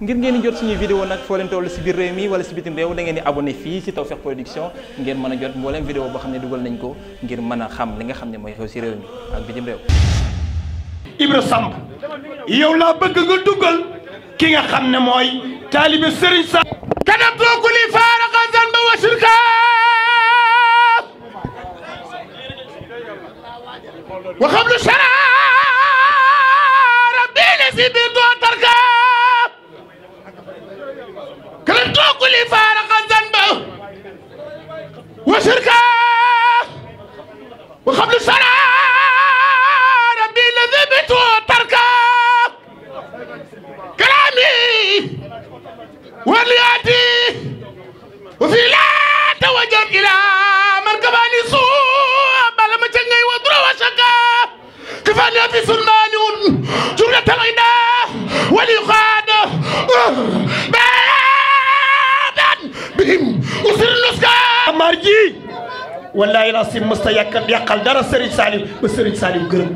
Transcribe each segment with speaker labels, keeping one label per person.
Speaker 1: ngir ngeen di jot suñuy vidéo nag foo leen toll si biir réew mi wala si bitim réew da ngeen di abonné fii si Tawfekh Production ngeen mën a jot mbooleem vidéo boo xam ne dugal nañ ko ngir mën a xam li nga xam ne mooy xew si réew mi ak bitim réew Ibra Samb yow laa bëgg nga
Speaker 2: dugal ki nga xam ne mooy taalibe Sëriñ Samb kanam tooku li faaraxa san ba wasurka waxam lu sara rabbi ne si biir كلمتو كل فارق ذنبه وشركه وقبل سنة ربي لذبت وتركه كلامي ولياتي وفي لا توجه إلى من كفاني سوء بل ما تنجي ودرو وشكا كفاني في سلمان جملة العدا وليقاد عليهم وسر النسكا مارجي والله العظيم مستا يقل يقل دار سيرج سالم با سيرج سالم گرم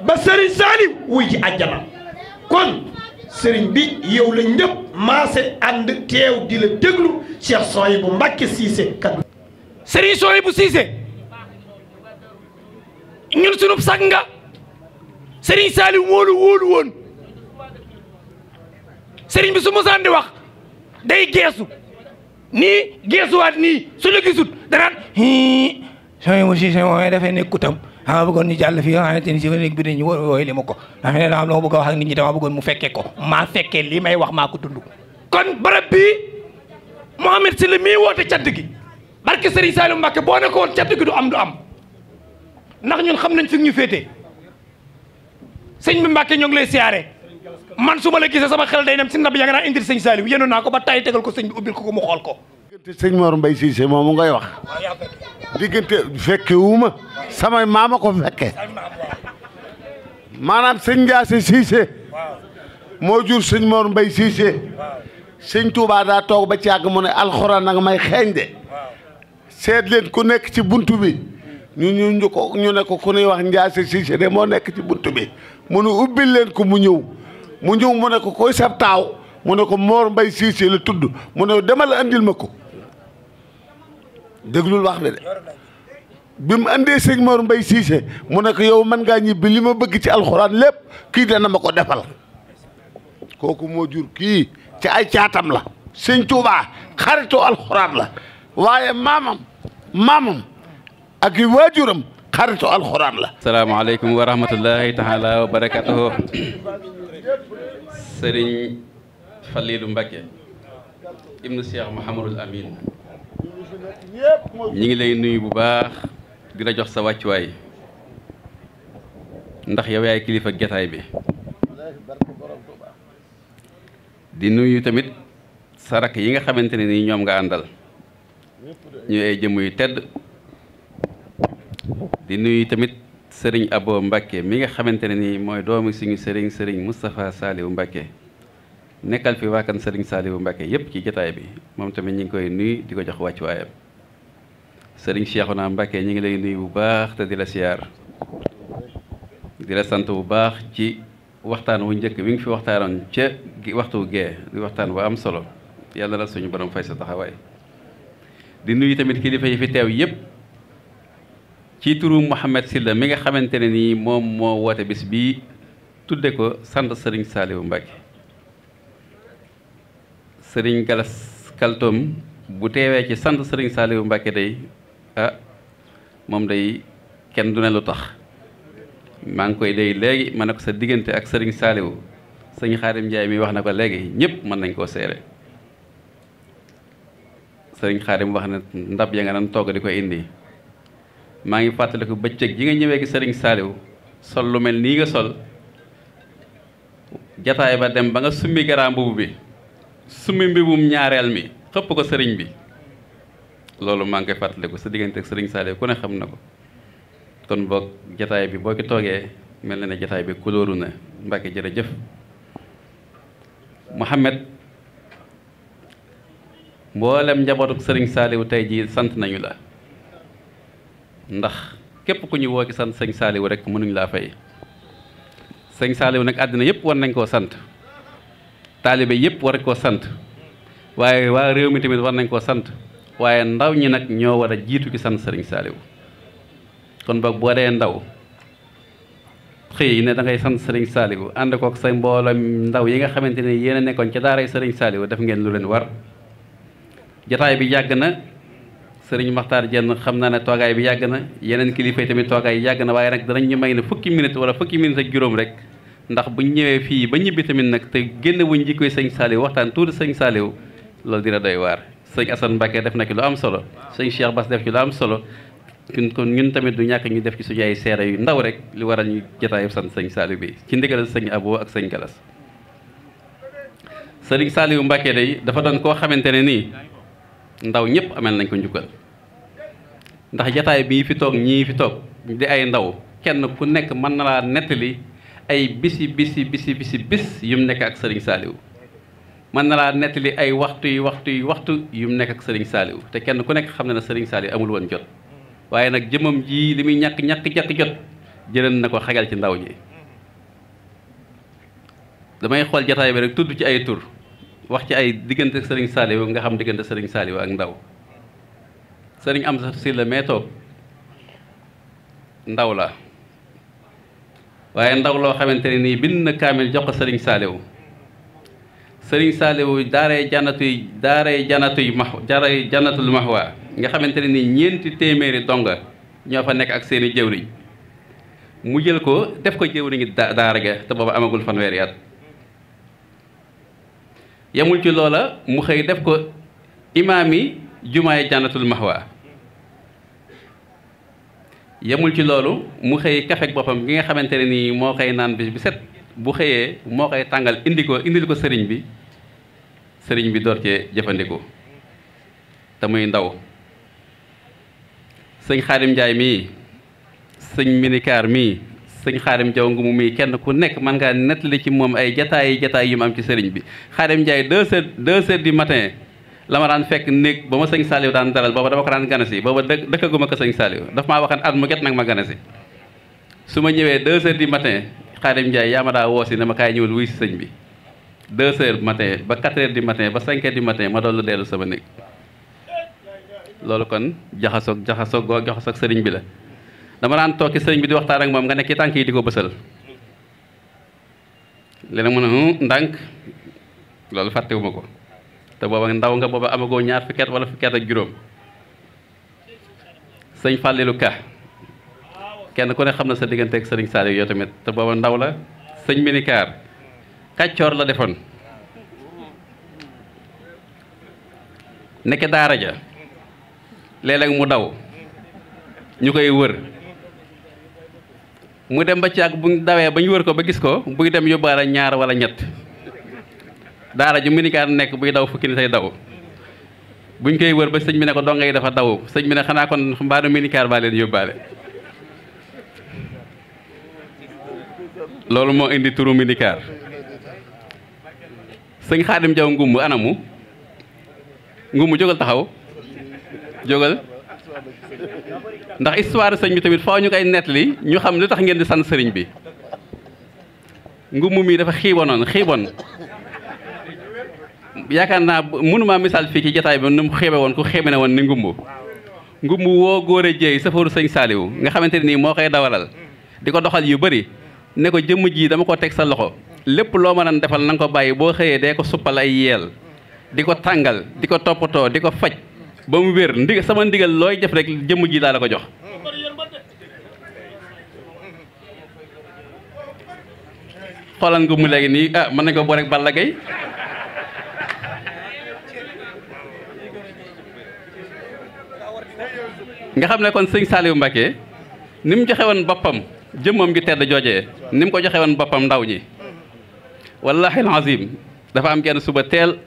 Speaker 2: ba sëriñ Salim wuy ji àjjana kon sëriñ bi yow la ñëpp maase ànd teew di la déglu Cheikh Sohaibou Mbacké Cissé kat sëriñ Sohaibou Cissé ñun sunub sag sëriñ Salim wóolu wóolu woon sëriñ bi su mosaan di wax day geesu nii geesuwaat nii su la gisut danaan hii sooy mu si sooy mu dafay nekk kutam dama bëggoon ñu jàll fii nga xamante ni si nekk ko ndax ne wax ak nit ñi dama bëggoon mu fekkee ko maa fekkee lii may wax maa ko dund kon barab bii Mouhamed Sylla mii woote cadd gi barke Serigne Saliou Mbacké boo ne ko woon cadd gi du am du am ndax ñun xam nañ fi ñu féetee sëñ bi Mbacké ñoo ngi lay siyaare man su ma la gisee sama xel day dem si ndab yaa nga naan indil sëñ Saliou yéen naa ko ba tay tegal ko sëñ bi ubbil ko ko mu xool ko. diggante sëñ Mor Mbaye Cissé moomu ngay wax diggante fekke wu ma samay maama ko fekke maanaam sëñ Ndiassé Cissé moo jur sëñ Mor Mbaye Cissé sëñ tuubaa daa toog ba ci yàgg mu ne alxuraan nag may xeeñ de seet leen ku nekk ci bunt bi ñu ñu ñu ko ñu ne ko ku ñuy wax Ndiassé Cissé de moo nekk ci buntu bi mu nu ubbil leen ko mu ñëw. mu ñëw mu ne ko koy sab taaw mu ne ko moor Mbay Siise la tudd mu ne demal andil ma ko déglul wax de de bi mu andee sëñ Mor Mbay Siise mu ne ko yow man ngaa ñibbi li ma bëgg ci alxuraan lépp kii dana ma ko defal kooku moo jur kii ci ay caatam la sëñ Tuubaa xaritu alxuraan la waaye maamam maamam ak i waajuram xaritu alxuraan la
Speaker 1: salaamaaleykum wa rahmatullahi taala wa barakatuhu sëriñ Falilou Mbacké ibnu Cheikh Mouhamadul Amin ñi ngi lay nuyu bu baax di la jox sa wàccuwaay ndax yow yaay kilifa getaay bi di nuyu tamit sa rakk yi nga xamante ni ñoom nga àndal ñu ay jëmm yu tedd di nuyu tamit sëriñ Abo Mbacke mi nga xamante ne nii mooy doomu suñu sëriñ sëriñ saali Saliou Mbacke nekkal fi waakan sëriñ saali Saliou Mbacke yépp ci jataay bi moom tamit ñu ngi koy nuyu di ko jox wàccuwaayam sëriñ naa Mbacke ñu ngi lay nuyu bu baax te di la siyaar di la sant bu baax ci waxtaan wu njëkk mi ngi fi waxtaanoon ca waxtu gee di waxtaan bu am solo yàlla la suñu borom fay sa taxawaay di nuyu tamit kilifa yi fi teew yépp ci turu Mouhamed Sylla mi nga xamante ne nii moom moo woote bis bii tudde ko sant sëriñ Saliou Mbacke sëriñ Galas Kaltoom bu teewee ci sant sëriñ Saliou Mbacke day ah moom day kenn du ne lu tax maa ngi koy day léegi ma ne ko sa diggante ak sëriñ Saliou sëñ Xaadim Njaay mi wax na ko léegi ñëpp mën nañ koo seere sëriñ Xaadim wax ne ndab ya nga doon togg di ko indi maa ngi fàttaliku bëccëg ji nga ñëwee gi sëriñ Saaliw sol lu mel nii nga sol jataay ba dem ba nga summi garaam mbubu bi summi mbibum ñaareel mi xëpp ko sëriñ bi loolu maa ngi koy fàttaliku sa diggante ak sëriñ Saaliw ku ne xam na ko kon boog jataay bi boo ki toogee mel na ne jataay bi kulóoru na Mbàkke jëf mohamed mboolem njabootuk sëriñ Saaliw tey jii sant nañu la ndax képp ku ñu woo ci sant sëñ Saliou rek mënuñu laa fay sëñ Saliou nag àddina yëpp war nañ koo sant taalibe yëpp war koo sant waaye waa réew mi tamit war nañ koo sant waaye ndaw ñi nag ñoo war a jiitu ci sant sëriñ Saliou kon boog boo dee ndaw xëy ne dangay sant sëriñ Saliou ànd kook sa mbooloom ndaw yi nga xamante ne yéen a nekkoon ca daaray sëriñ Saliou def ngeen lu leen war jataay bi yàgg na sëriñ Maxtaar Jenn xam naa ne toogaay bi yàgg na yeneen kilifa yi tamit toogaay yàgg na waaye nag danañ may ne fukki minute wala fukki minute ak juróom rek ndax buñ ñëwee fii ba ñibbi tamit nag te génn wuñ jikkoy sëñ Saaliw waxtaan tuuti sëñ Saaliw loolu dina doy waar sëñ Assane def na ci lu am solo sëñ Cheikh Bass def ci am solo kon ñun tamit du ñàkk ñu def ci suñu ay seere yu ndaw rek li waral ñu jotaayu sant sëñ Saaliw bi ci ndigalal sëñ Abo ak sëñ Galas sëriñ Saaliw Mbacke day dafa doon koo xamante ne nii ndaw ñëpp amel nañ ko njukkal ndax jataay bii fi toog ñii fi toog di ay ndaw kenn ku nekk mën na laa nett nettali ay bisi bisi bisi bisi bis yum nekk ak sëriñ saaliw mën na laa nett nettali ay waxtu yu waxtu yu mu nekk ak sëriñ saaliw te kenn ku nekk xam na ne sëriñ saaliw amul woon jot waaye nag jëmam jii li muy ñàkk ñakk ñàkk jot jëleen na ko xagal ci ndaw ñi damay xool jataay bi rek tudd ci ay tur wax ci ay diggante sëriñ saaliw nga xam diggante sëriñ saaliw ak ndaw sëriñ am sax si la mee toog ndaw la waaye ndaw loo xamante ni nii bind na kaamil jox ko sëriñ saaliwu sëriñ saaliwu daaray janatuy daaray janatuy maxwa nga xamante ne nii ñeenti téeméeri donga ñoo fa nekk ak seeni jëwriñ mu jël ko def ko jëwriñu daara ga te booba amagul fanweeri at yamul ci loola mu xëy def ko imaam jumaay jànnatul mahwa yemul ci loolu mu xëy kafek boppam gi nga xamante ne nii moo koy naan bis bi set bu xëyee moo koy tàngal indi ko indil ko sëriñ bi sëriñ bi door cee jëfandikoo te muy ndaw sëñ xaarim njaay mii sëñ minikaar mii sëñ xaadim jaw ngu mii kenn ku nekk man ngaa nettali ci moom ay jataay jataay yi mu am ci sëriñ bi xaadim njaay deux heures deux heures du matin la ma daan fekk néeg ba ma sëñ Saliou daan dalal booba dama ko daan ganasi booba dë dëkkaguma ko sëñ Saliou daf maa waxan at mu get nag ma ganasi su ma ñëwee deux heures du matin Xaadim Ndiaye yaa ma daa woo si ne ma kaay ñëwal wuy si sëñ bi ba quatre heures du ba cinq heures ma doolu dellu sama néeg loolu kon jaxasoog jaxasoog goo jaxasoog sëriñ bi la dama daan toog ci sëriñ bi di waxtaan ak moom nga nekk tànk yi di ko bësal léeg-léeg mu ne ndànk loolu fàttewuma ko te booba ndaw nga booba amagoo ñaar fukki at wala fukki ak juróom sëñ Fallilou Ka kenn ku ne xam na sa diggante ak sëriñ Saliou yow tamit te booba ndaw la sëñ Minikaar kàccoor la defoon nekk daara ja léeg mu daw ñu koy wër mu dem ba ci bu ñu dawee ba ñu wër ko ba gis ko buy dem yóbbaale ñaar wala ñett daara ju minicar nekk buy daw fukki ni tay daw buñ koy wër ba sëñ bi ne ko donga yi dafa daw sëñ bi ne xanaa ko mbaa du minicar baa leen yóbbaale loolu moo indi turu minicar sëñ xaadim jaw ngumb anamu ngumb jógal taxaw jógal ndax histoire sëñ bi tamit faaw ñu koy nettali ñu xam li tax ngeen di san sëriñ bi ngumb mii dafa xiibonoon xiibon yaakaar naa mënumaa misaal fii ci jataay bi nu mu xeebe woon ku xeebe ne woon ni ngumbu ngumbu woo góor a jéey safaru sëñ saaliwu nga xamante ne nii moo koy dawalal di ko doxal yu bëri ne ko jëm jii dama ko teg sa loxo lépp loo mën a defal na nga ko bàyyi boo xëyee dee ko suppal ay yeel di ko tàngal di ko toppatoo di ko faj ba mu wér sama ndigal looy def rek jëmm ji laa la ko jox xoolal ngumbu léegi nii ah mën nañ ko boo rek a Gaye nga xam ne kon sëñ Saliou Mbacké ni mu joxe woon boppam jëmmam gi tedd joojee ni mu ko joxe woon boppam ndaw ñi wallahi alazim dafa am kenn suba teel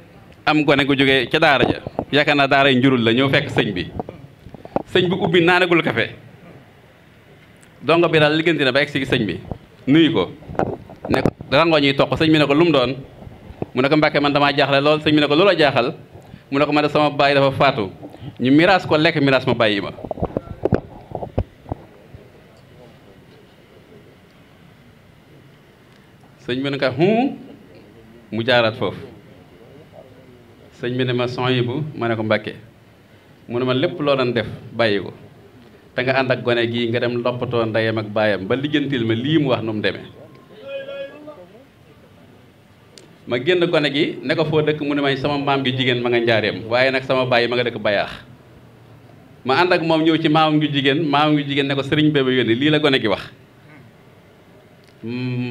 Speaker 1: am gone gu jóge ca daara ja yaakaar naa daaray njurul la ñëw fekk sëñ bi sëñ bi ubbi naanagul kafe dongo bi daal liggéenti na ba egsi sëñ bi nuyu ko ne ko rangoo ñuy toq sëñ bi ne ko lu mu doon mu ne ko Mbàkke man damaa jaaxle lool sëñ bi ne ko loola jaaxal mu ne ko man de sama baay dafa faatu ñu miraas ko lekk miraas ma bàyyi ma sëñ bi ne ko hum mu jaaraat foofu sëñ bi ne ma son yi bu ma ne ko mbàkke mu ne ma lépp loo doon def bàyyi ko te nga ànd ak gone gii nga dem loppatoo ndeyam ak baayam ba lijjantil ma lii mu wax nu mu demee ma génn gone gi ne ko foo dëkk mu ne may sama maam gi jigéen ma nga njaareem waaye nag sama baay ma nga dëkk bayaax ma ànd ak moom ñëw ci maamam gi jigéen maamam gi jigéen ne ko sëriñ bébé yónni lii la gone gi wax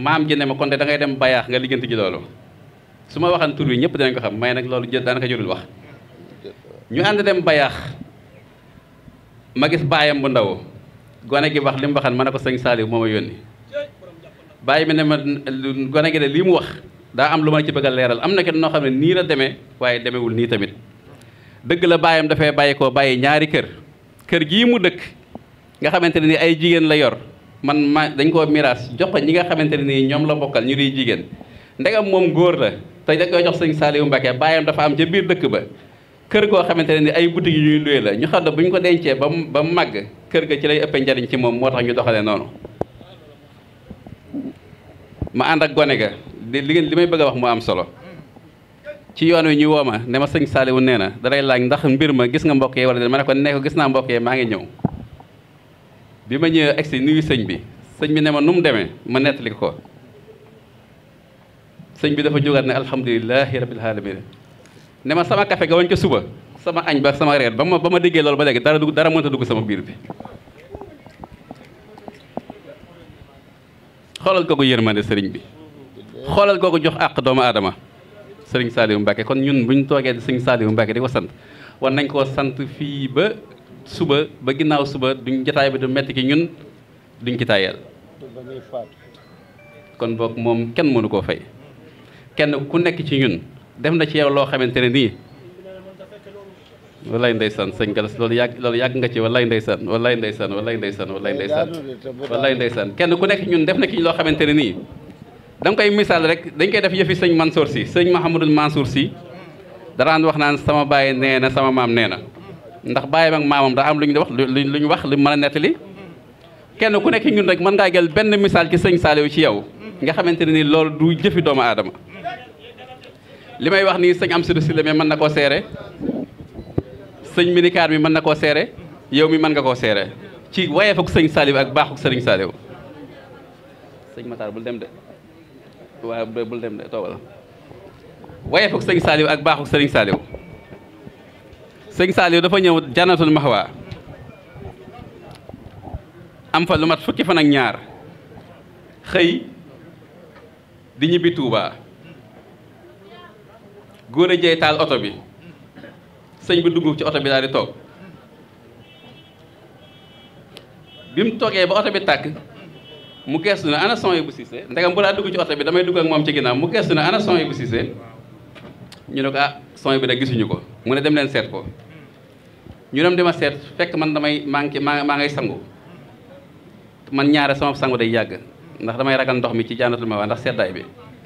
Speaker 1: maam gi ma kon de da ngay dem bayaax nga liggéenti ji loolu su ma waxan tur wi ñëpp dinañ ko xam may nag loolu jël daanaka jurul wax ñu ànd dem bayaax ma gis baayam bu ndaw gone gi wax li mu waxan ma ne ko sëñ Saliou moo ma yónni bàyyi mi ne ma gone gi lii mu wax daa am lu ma ci bëgg a leeral am na kenn noo xam ne nii la demee waaye demewul nii tamit dëgg la baayam dafay bàyyi koo bàyyi ñaari kër kër gii mu dëkk nga xamante ne ni ay jigéen la yor man ma dañ koo miraas jox ko ñi nga xamante ne nii ñoom la bokkal ñu di jigéen ndegam moom góor la te da koy jox sëñ Saliou Mbacke baayam dafa am ca biir dëkk ba kër goo xamante ne ni ay boutique yu ñuy luye la ñu xam ne bu ñu ko dencee ba mu ba mu màgg kër ga ci lay ëpp njariñ ci moom moo tax ñu doxalee noonu ma ànd gone ga li ngeen li may bëgg a wax moo am solo ci yoon wi ñuy woo ma ne ma sëñ Saliou nee na dalay laaj ndax mbir ma gis nga mbokk yi wala de ma ne ko nee ko gis naa mbokk yi maa ngi ñëw bi ma ñëwee agsi nuyu sëñ bi sëñ bi ne ma nu mu demee ma nettali ko sëñ bi dafa jógaat ne alhamdulilahi rabil alamin ne ma sama café ga wañ suba sama añ ba sama reer ba ma ba ma déggee loolu ba léegi dara dugg dara mënta dugg sama biir bi xoolal kooku yërmande sëriñ bi xoolal googu jox àq doomu aadama sëriñ Saliou Mbacke kon ñun bu ñu toogee di sëriñ Saliou Mbacke di ko sant war nañ koo sant fii ba suba ba ginnaaw suba duñ jotaay bi du metti ñun duñ ci tàyyeel kon boog moom kenn mënu koo fay kenn ku nekk ci ñun def na ci yow loo xamante ne nii wallaay ndeysaan sëñ Galas loolu yàgg loolu yàgg nga ci wallaay ndeysaan wallaay ndeysaan wallaay ndeysaan wallaay ndeysaan wallaay ndeysaan kenn ku nekk ñun def na ci loo xamante ne nii danga koy misaal rek dañ koy def yëfi sëñ Mansour si sëñ Mahamadul Mansour si daraan wax naan sama baay nee na sama maam nee na ndax baayam ak maamam daa am lu ñu wax lu ñu wax lu mën a nettali kenn ku nekk ñun rek mën ngaa jël benn misaal ci sëñ Saliou ci yow nga xamante ne ni loolu du jëfi doomu aadama li may wax nii sëñ am Amsadou Sylla mais mën na koo seere sëñ minikaar mi mën na koo seere yow mi mën nga koo seere ci wayeefuk sëñ Saliou ak baaxuk sëriñ Saliou sëñ Matar bul dem de waaw bul dem de toogal woyefuk sëñ Saliou ak baaxuk sëriñ Saliou sëñ Saliou dafa ñëw janatul maxwa am fa lu mat fukki fan ak ñaar xëy di ñibbi Touba góor a jey taal oto bi sëñ bi dugg ci oto bi daal di toog bi mu toogee ba oto bi tàkk mu geestu ne ana son yi bu Cissé ndegam bu laa dugg ci oto bi damay dugg ak moom ci ginnaaw mu geestu ne ana son yi bu Cissé ñu ne ko ah son bi da gisuñu ko mu ne dem leen seet ko ñu dem dema seet fekk man damay maa ngi maa maa ngay sangu man ñaare sama sangu day yàgg ndax damay ragal ndox mi ci jaanatul ma waa ndax seddaay bi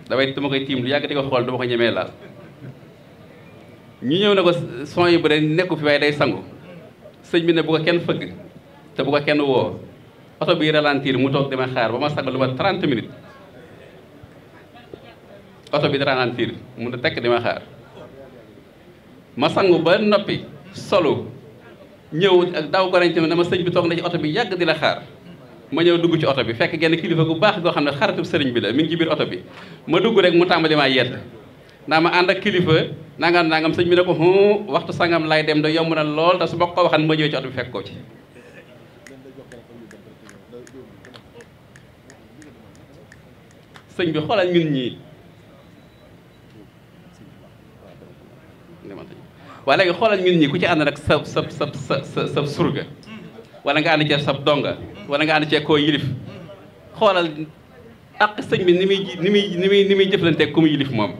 Speaker 1: damay dama koy tiim lu yàgg di ko xool dama ko ñemee laal ñu ñëw ne ko son yi bu de nekku fi waaye day sangu sëñ bi ne bu ko kenn fëgg te bu kenn woo oto bi ralentir mu toog dama xaar ba ma sagal lu ma 30 minutes oto bi ralentir mu ne tekk dama xaar ma sangu ba noppi solo ñëw ak daw ko nañ tamit dama sëñ bi toog na ci oto bi yàgg di la xaar ma ñëw dugg ci oto bi fekk genn kilifa gu baax goo xam ne xaritu sëriñ bi la mi ngi ci biir oto bi ma dugg rek mu tàmbali maa yedd naa ma ànd ak kilifa nangam nangam sëñ bi ne ko waxtu sangam laay dem da yomb na lool te su bokk ko waxan ma ñëw ci oto bi fekk ci sëñ bi xoolal ñun ñii waaye léegi xoolal ñun ñii ku ci ànd nag sa sa sa sa sa surga wala nga ànd cee sab donga wala nga ànd cee koo yilif xoolal ak sëñ bi ni muy ni muy ni muy ni muy jëflanteeg ku mu yilif moom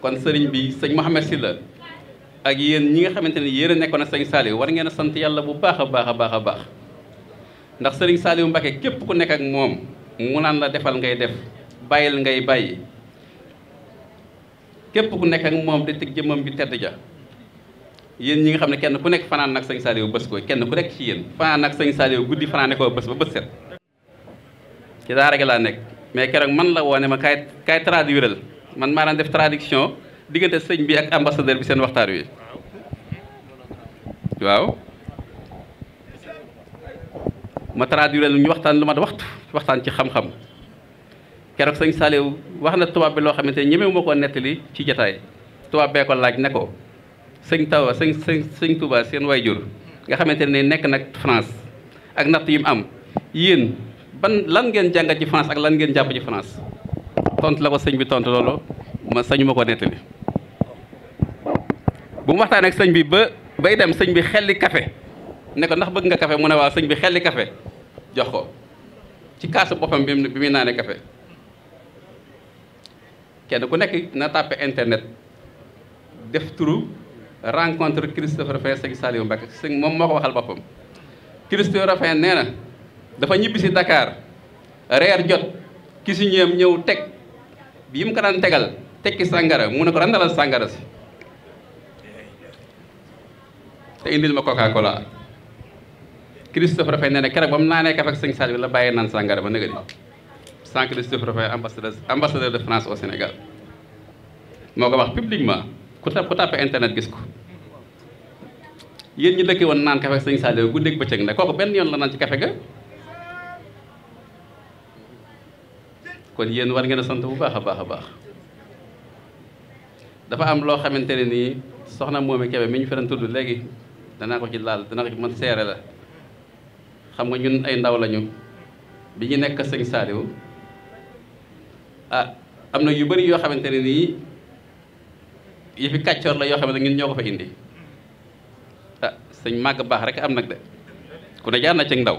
Speaker 1: kon sëriñ bi sëñ Mouhamed Sylla ak yéen ñi nga xamante ne yéen a nekkoon na sëñ Saliou war ngeen a sant yàlla bu baax baax a baax a baax ndax sëriñ Saliou Mbacke képp ku nekk ak moom mu naan la defal ngay def bàyyil ngay bàyyi képp ku nekk ak moom de teg jëmmam bi tedd ja yéen ñi nga xam ne kenn ku nekk fanaan nag sëñ Saliou bés ko kenn ku nekk ci yéen fanaan nag sëñ Saliou guddi fanaane koo bés ba bés set ci daara gi laa nekk mais keroog man la woone ma kaay kaay traduiral man maa daan def traduction diggante sëñ bi ak ambassadeur bi seen waxtaan wi waaw ma traduire ñu waxtaan lu ma mat waxtu waxtaan ci xam-xam keroog sëñ Saliou wax na tubaab bi loo xamante ne ñemewu ma koo nettali ci jataay tubaab bee ko laaj ne ko sëñ tawa sëñ sëñ sëñ Touba seen jur nga xamante ne nekk nag France ak natt yi am yéen ban lan ngeen jàngat ci France ak lan ngeen jàpp ci France tontu la ko sëñ bi tontu loolu ma sañu ma ko nettali bu mu waxtaan ak sëñ bi ba bay dem sëñ bi xelli kafe ne ndax bëgg nga café mu ne waa sëñ bi xelli kafe jox ko ci kaasu boppam bi bi muy naanee kafe kenn ku nekk na tàppe internet def turu rencontre Christopher Faye sëñ Saliou Mbacke sëñ moom moo ko waxal boppam Christopher Faye nee na dafa ñibbi si Dakar reer jot ki si ñëw teg bi mu ko daan tegal tekki sàngara mu ne ko daan randalal sàngara si te indil ma Coca Christophe Faye nee na keroog ba mu naanee kafe ak sëñ Sadio la bàyyi naan sàngara ba nëgëri sans Christophe Faye ambassadeur ambassadeur de France au Sénégal moo ko wax publiquement ku tap ku tàppe internet gis ko yéen ñi dëkkee woon naan kafe ak sëñ Sadio guddeeg bëccëg na kooku benn yoon la naan ci kafe ga kon yéen war ngeen sant bu baax a baax a baax dafa am loo xamante ne nii soxna moom i Kébé mi ñu fi doon léegi danaa ko ci laal dana ko seere la xam nga ñun ay ndaw lañu bi ñu nekk sëñ Saliou ah am na yu bari yoo xamante ne nii yëfi kàccoor la yoo xamante ne ñun ñoo ko fa indi ah sëñ màgg baax rek am nag de ku ne jaar na ci ndaw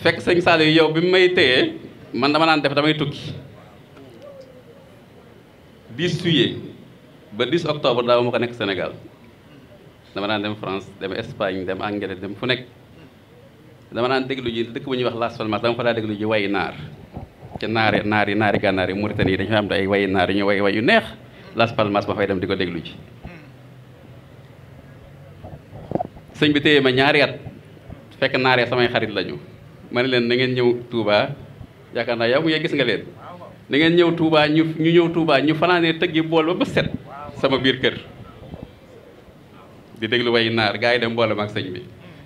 Speaker 1: fekk sëñ Saliou yow bi mu may téye man dama naan def damay tukki 10 juillet ba 10 octobre daaw ma ko nekk senegal dama daan dem France dem Espagne dem Angleterre dem fu nekk dama daan déglu ji dëkk bu ñuy wax Las Palmas dama fa daa déglu ji wayi naar ca naari naari naari gànnaar yi Mauritanie yi dañu am ay wayi naar yu ñu way way yu neex Las Palmas ma fay dem di ko déglu ji sëñ bi téye ma ñaari at fekk naaree samay xarit lañu ma ne leen na ngeen ñëw Touba yaakaar naa yow mu gis nga leen na ngeen ñëw tuubaa ñu ñu ñëw tuubaa ñu fanaanee tëggi bool ba ba set sama biir kër di déglu way naar gars yi dem mboolem ak sëñ bi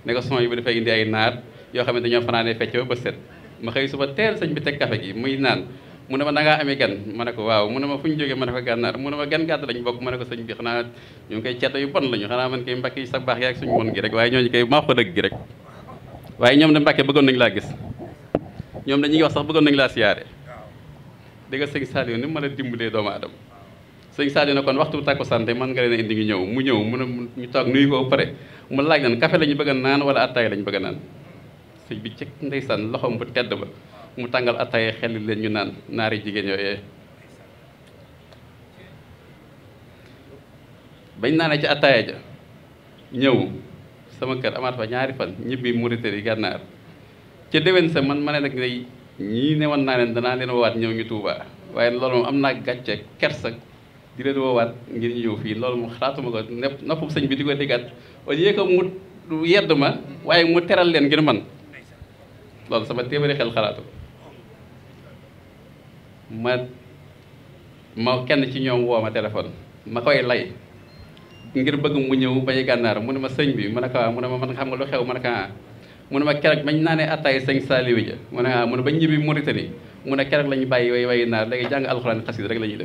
Speaker 1: ne ko son yi bu dafay indi ay naar yoo xam ne dañoo fanaanee fecc ba bët set ma xëy suba teel sëñ bi teg café gi muy naan mu ne ma da ngaa amee gan ma ne ko waaw mu ne ma fu ñu jógee ma ne ko gànnaar mu ne ma gan gàtt lañ bokk ma ne ko sëñ bi xanaa ñu ngi koy ceddo yu bon lañu xanaa man koy mbakki sa baax yaag suñu mon gi rek waaye ñooñu koy maa ko dëgg gi rek waaye ñoom de mbàkke bëggoon nañu laa gis ma la sëñ Sadio ne kon waxtu takkusaan tey mën nga leen a indi ngi ñëw mu ñëw mu ne ñu toog nuyu ko pare mu laaj leen café la ñu bëgg a naan wala attaay la ñu bëgg a naan sëñ bi cëkk loxoom bu tedd ba mu tàngal attaay xel leen ñu naan naari jigéen yooyee bañ naanee ci attaaya ja ñëw sama kër amaat fa ñaari fan ñibbi yi gànnaar ca déwén sa man ma ne nag ñi ne woon naa leen danaa leen woowaat ñëw ñu Tuubaa waaye loolu moom am naa gàcce kersa di leen woowaat ngir ñëw fii loolu mu xalaatuma ko nepp noppam bi di ko déggaat au lieu que mu yedd ma waaye mu teral leen ngir man loolu sama téeméeri xel xalaatu ko ma ma kenn ci ñoom woo ma téléphone ma koy lay ngir bëgg mu ñëw bañu gànnaar mu ne ma sëñ bi mu ne ko ah, mu ne ma man xam nga lu xew mu ne ko ah mu ne ma keroog bañ naa ne attaay sëñ Saliou ja mu a ah, ma mu ne ba ñibbi Mauritanie mu ne keroog la ñu bàyyi way way naar léegi jàng alxuraan xasida rek la ñuy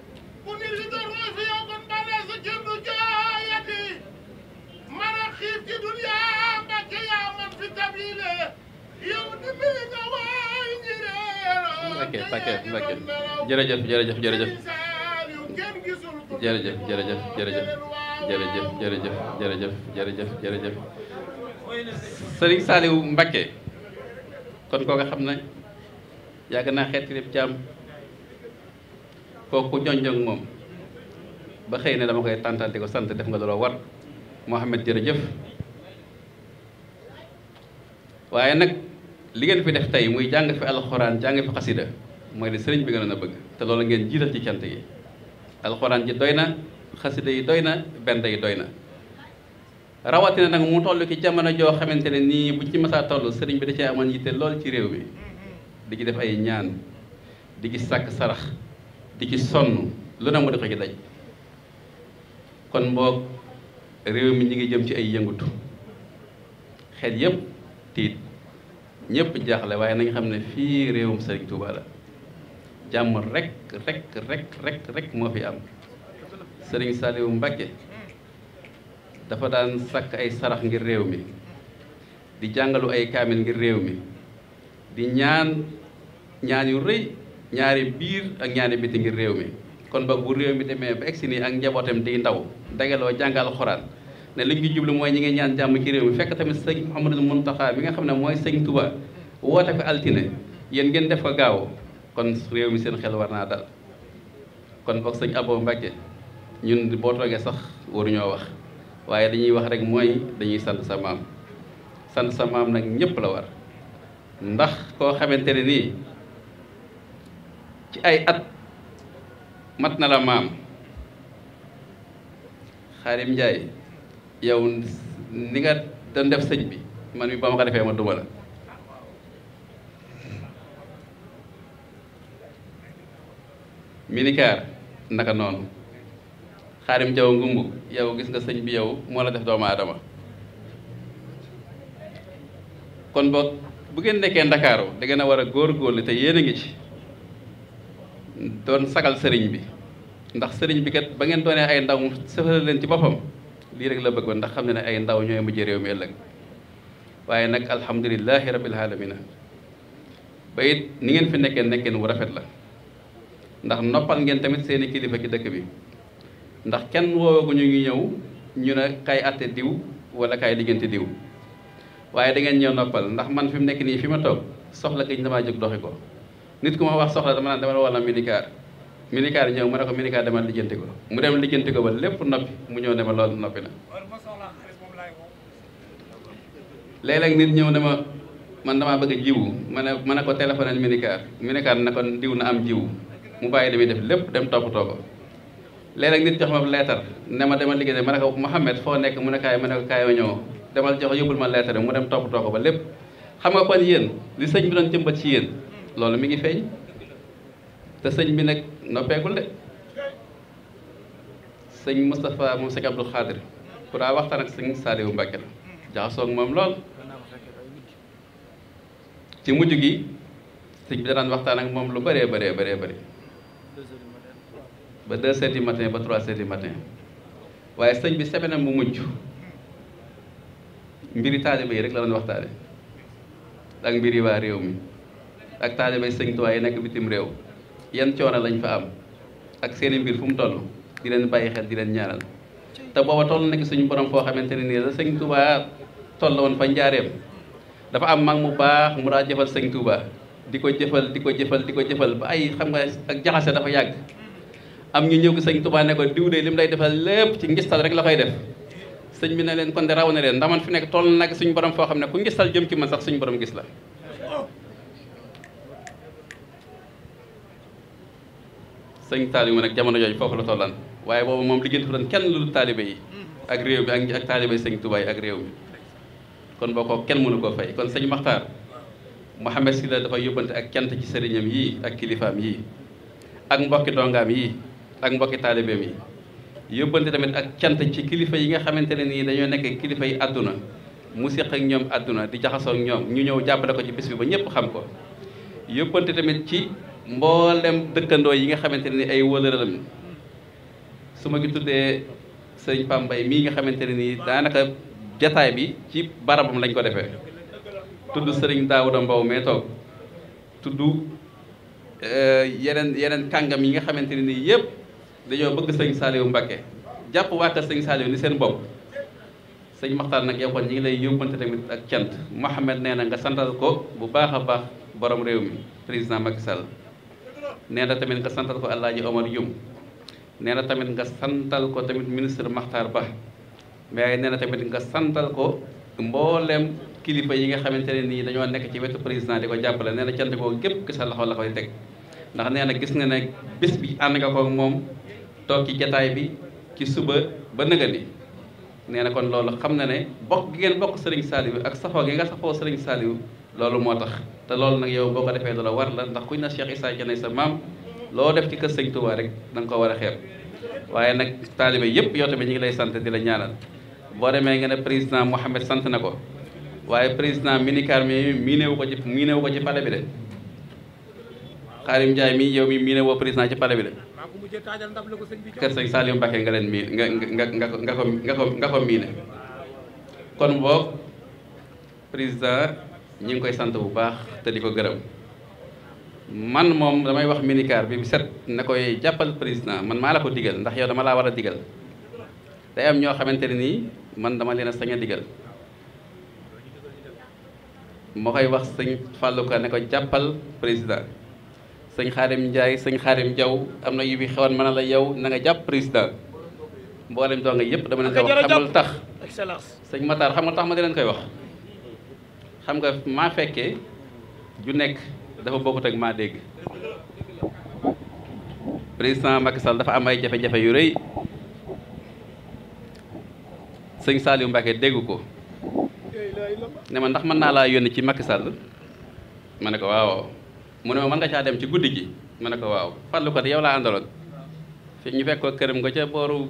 Speaker 2: ok Mbacké Mbacké
Speaker 1: jërëjëf jërëjëf jërëjëf jërëjëf jërëjëf jërëjëf jërëjëf jërëjëf jërëjëf jërëjëf jërëjëf Serigne Saliou Mbacké kon koo nga xam na yàgg naa xeeti lépp jàmm kooku jonjong moom ba xëy na dama koy tàntal di ko sant def nga loola war Mouhamed jëf waaye nag li ngeen fi def tey muy jàng fi alxuraan jàng fi xasida mooy li sëriñ bi gënoon a bëgg te loolu ngeen jiital ci cant yi alxuraan ji doy na xasida yi doy na bend yi doy na rawatina nag mu toll ci jamono joo xamante ne nii bu ci masaa toll sëriñ bi da cee amoon te lool ci réew mi di ci def ay ñaan di gis sàkk sarax di ci sonn lu ne mu def ci daj kon mboog réew mi ñu ngi jëm ci ay yëngutu xel yëpp tiit ñëpp jaaxle waaye nañ xam ne fii réewum Sëriñ Tuuba la jàmm rek rekk rekk rekk moo fi am Sëriñ Saliou Mbacke dafa daan sakk ay sarax ngir réew mi di jàngalu ay kaamil ngir réew mi di ñaan ñaan yu rëy ñaari biir ak ñaari biti ngir réew mi kon ba bu réew mi demee ba egsi nii ak njabootam di ndaw dagaloo jàngal xoraan ne li ñu jublu mooy ñi ngi ñaan jàmm ci réew mi fekk tamit sëñ Mouhamadul Mountakha mi xam ne mooy sëñ Touba woote ko altine yéen ngeen def ko gaaw kon réew mi seen xel war naa dal kon boog sëñ aboo Mbacke ñun boo toogee sax waruñoo wax waaye lañuy wax rek mooy dañuy sant sa maam sant sa maam nag ñëpp la war ndax koo xamante nii. ci ay at mat na la maam xaarim Njaay yow ni nga doon def sëñ bi man mi ba ma ko defee ma duma la minikaar naka noonu xaarim njaw ngumbu yow gis nga sëñ bi yow moo la def doomu aadama kon boog bu ngeen nekkee ndakaaru da ngeen a war a góor góorlu te yéen a ngi ci doon sagal sëriñ bi ndax sëriñ bi kat ba ngeen doonee ay ndaw sëfal leen ci boppam lii rek la bëggoon ndax xam ne ne ay ndaw ñooy mujj réew mi ëllëg waaye nag alhamdulilahi rabil alamina ba it ni ngeen fi nekkee nekkeen wu rafet la ndax noppal ngeen tamit seeni kilifa ci dëkk bi ndax kenn woowagu ñu ngi ñëw ñu ne kay atte diw wala kay diggante diw waaye dangeen ngeen ñëw noppal ndax man fi mu nekk nii fi ma toog soxla gëj damaa jóg doxi ko nit ku ma wax soxla dama naan dama la wala minicar minicar ñëw ma ne ko minicar dama lijjanti ko mu dem lijjanti ko ba lépp noppi mu ñëw ne ma loolu noppi na léeg nit ñëw ne ma man damaa bëgg jiwu ma ne ma ne ko téléphone minicar minicar na ko diw na am jiwu mu bàyyi li muy def lépp dem toppatoo ko léeg-léeg nit jox ma leetar ne ma demal liggéey ma ne ko Mouhamed foo nekk mu ne kaay ma ne ko kaayoo ñëw demal jox yóbbul ma leetar mu dem toppatoo ko ba lépp xam nga kon yéen li sëñ bi doon jëmbat ci yéen loolu mi ngi feeñ te sëñ bi nag noppeegul de sëñ Moustapha moom sëñ Abdou Khadir ku daa waxtaan ak sëñ Saliou Mbacke la jaxasoo moom lool ci mujj gi sëñ bi daan waxtaan ak moom lu bëree bëree bëree bëri ba deux heures du matin ba trois heures matin waaye sëñ bi sebena mu mujj mbiri taaliba yi rek la doon waxtaane ak mbiri waa réew mi ak taalibay sëñ Tuubaa yi nekk bitim réew yan coono lañ fa am ak seen i mbir fu mu toll di leen bàyyi xel di leen ñaanal te booba toll na suñu borom foo xamante ne nii la sëñ Tuubaa toll woon fa njaareem dafa am mag mu baax mu daa jëfal sëñ Tuubaa di ko jëfal di ko jëfal di ko jëfal ba ay xam nga ak jaxase dafa yàgg am ñu ñëw ko sëñ Tuubaa defal lépp ci ngistal rek la koy def sëñ bi ne leen kon de raw na leen ndax man fi nekk toll borom foo xam ne ku ngistal jëm ci man sax suñu borom gis la sëñ Saliou ma nag jamono jooju foofu la tollan waaye boobu moom liggéey dafa doon kenn lu taalibe yi mm-hmm. ak réew mi ak ak taalibe sëñ Touba yi ak réew mi kon boo ko kenn mënu koo fay kon sëñ Maxtaar Mouhamed Sylla dafay yóbbante ak cant ci sëriñam yii ak kilifaam yii ak mbokki dongaam yii ak mbokki taalibeem yi yóbbante tamit ak cant ci kilifa yi nga xamante ne nii dañoo nekk kilifa yi àdduna mu seq ak ñoom àdduna di jaxasoo ñoom ñu ñëw jàppale ko ci bis bi ba ñëpp xam ko mboolem dëkkandoo yi nga xamante ne ni ay wëlëralam su ma gi tuddee sëñ Pambay mii nga xamante ne nii daanaka jataay bi ci barabam lañ ko defee tudd sëriñ Daawuda mbaw mee toog tudd euh, yeneen yeneen kàngam yi nga xamante ne nii yëpp dañoo bëgg sëñ Saliou Mbacké jàpp waa kër sëñ Saliou ni seen bopp sëñ maxtaan nag yow kon ñi ngi lay yóbbante tamit ak cant Mohamed nee na nga santal ko bu baax a baax borom réew mi président Macky Sall nee na tamit nga santal ko Alaaji Omar Yum nee na tamit nga santal ko tamit ministre Makhtar Ba mais nee na tamit nga santal ko mboolem kilifa yi nga xamante ne nii dañoo nekk ci wetu président di ko jàppale nee na cant koo gépp ki sa loxo la koy teg ndax nee na gis nga ne bés bi ànd nga ko moom toog ci jataay bi ci suba ba nëga ni nee na kon loolu xam na ne bokk gi ngeen bokk Serigne Saliou ak safoo gi nga safoo sëriñ Saliou loolu moo tax te loolu nag yow boo ko defee dala war la ndax kuñ na Cheikh Issa Dienne sa maam loo def ci kër Sëñ Touba rek danga nga ko war a xeeb waaye nag taalibe yëpp yow tamit ñu ngi lay sant di la ñaanal boo demee nga ne président Mohamed sant na ko waaye président minicar mi miinewu ko ci miinewu ko ci pale bi de Xaarim Ndiaye mii yow mi miinewoo président ci pale bi de kër Sëñ Saliou Mbacké nga leen mii nga nga nga nga ko nga ko nga ko miine kon boo président ñu ngi koy sant bu baax te li ko gërëm man moom damay wax minicar bi mu set na koy jàppal président man maa la ko digal ndax yow dama laa war a digal day am ñoo xamante ne nii man dama leen a sañ a digal moo koy wax sëñ Fallou Ka ne ko jàppal président sëñ Xaadim Ndiaye sëñ Xaadim Diaw am na yu bi xewoon mën a la yow na jàpp président mboolem doo nga yëpp dama leen ko wax xamal tax sëñ Matar xam nga tax ma di leen koy wax xam nga maa fekkee ju nekk dafa bokkut ak maa dégg président Macky Sall dafa am ay jafe-jafe yu rëy sëñ Saliou Mbacké dégg ko ne ma ndax mën naa laa yónni ci Macky Sall ma ne ko waaw mu ne ma mën nga caa dem ci guddi gi ma ne ko waaw fàllu ko de yow laa àndaloon fi ñu fekk ko këram nga ca booru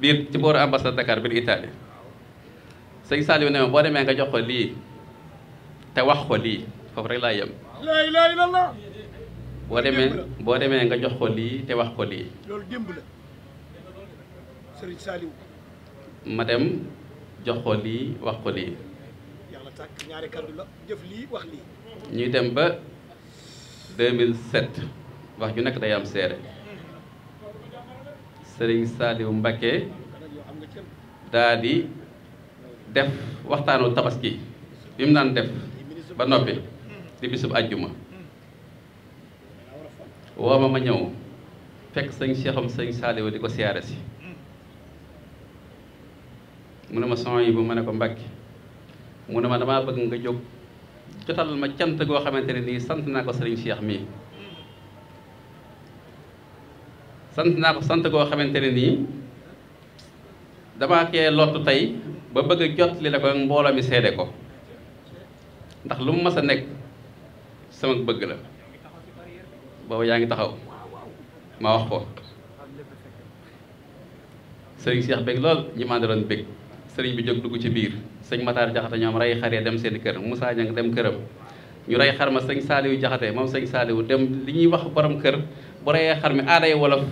Speaker 1: biir ci booru ambassade Dakar biir Italie sëñ Saliou ne ma boo demee nga jox ko lii te wax ko lii foofu rek laa yem.
Speaker 2: la ilaha illallah.
Speaker 1: boo demee boo demee nga jox ko lii te wax ko lii.
Speaker 2: loolu démb la sëriñ Saliou.
Speaker 1: ma dem jox ko lii wax ko lii.
Speaker 2: yàlla tàkk ñaari kàddu
Speaker 1: ñuy dem ba 2007 wax ju nekk day am seere sëriñ Saliou Mbacké daa def waxtaanu tabaski bi mu naan def ba noppi di bisub àjjuma woo ma ma ñëw fekk sëñ Seexam sëñ Saaliw di ko siyaare si mu ne ma son yi bu ma ne ko mbàkki mu ne ma dama bëgg nga jóg jotal ma cant goo xamante ne nii sant naa ko sëriñ seex mii sant naa ko sant goo xamante ne nii dama kee lottu tey ba bëgg jot li la ko mbooloo mi seede ko ndax lu mu mas a nekk sama bëgg la boobu yaa ngi taxaw ma wax ko sëriñ Cheikh bég lool ñi ma doon bég sëriñ bi jóg dugg ci biir sëñ Matar Jaxate ñoom rey xar ya dem seen kër Moussa Niang dem këram ñu rey xar ma sëñ Saaliwu Jaxate moom sëñ Saaliwu dem li ñuy wax boroom kër bu reyee xar mi aaday wolof